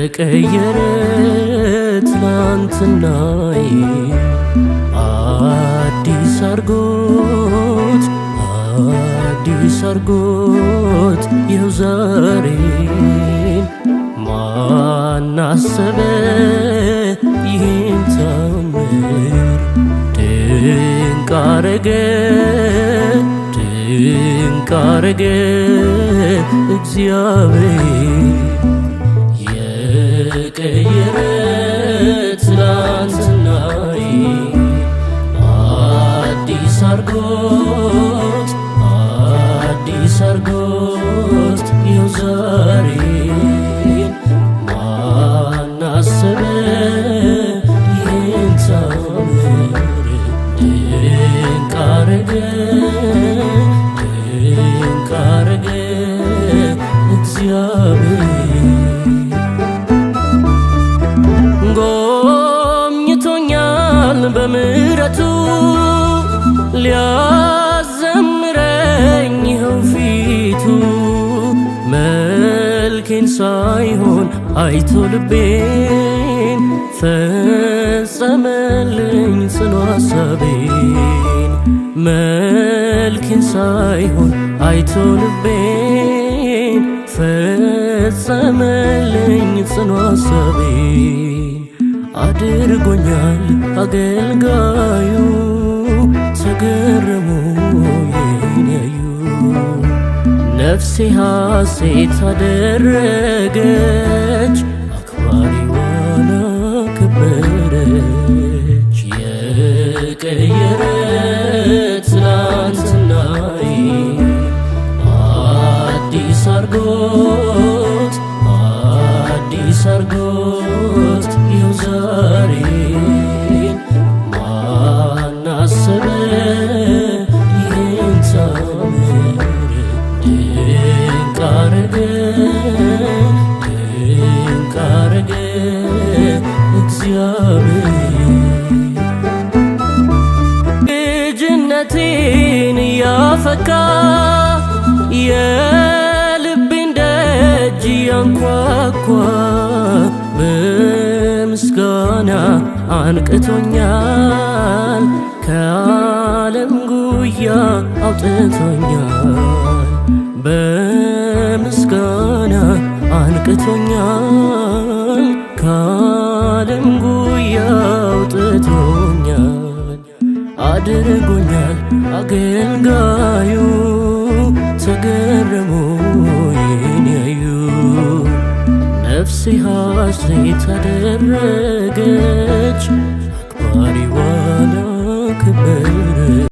ተቀየረ ትናንትናዬ አዲስ አርጎት አዲስ አርጎት ይኸው ዛሬን ማን አሰበ ይህን ታምር ድንቅ አረገ ድንቅ አረገ እግዚአብሔር አዲስ አርጎት አዲስ አርጎት ይኸው ዛሬ ድንቅ አረገ ድንቅ አረገ እግዚአብሔር ጎብኝቶኛል በምን ሊያዘምረኝ ይኸው ፊቱ መልኬን ሳይሆን አይቶ ልቤን ፈጸመልኝ ጽኑ ሐሳቤን መልኬን ሳይሆን አይቶ ልቤን ፈጸመልኝ ጽኑ ሐሳቤን አድርጎኛል አገልጋዩ ተገረሙ የኔዩ ነፍሴ ሐሴት አደረገች አክባሪዋን አከበረች የቀየረ ትናንትናይ አዲስ አርጎ እግዚአብሔር ልጅነቴን እያፈካ የልቤን ደጅ እያንኳኳ በምስጋና አንቅቶኛል ከዓለም ጉያ አውጥቶኛል በምስጋና አንቅቶኛል ከንጉያው ጥቶኛል አድርጎኛል አገልጋዩ ተገረሙ ይህን ያዩ ነፍሴ ሐሴት አደረገ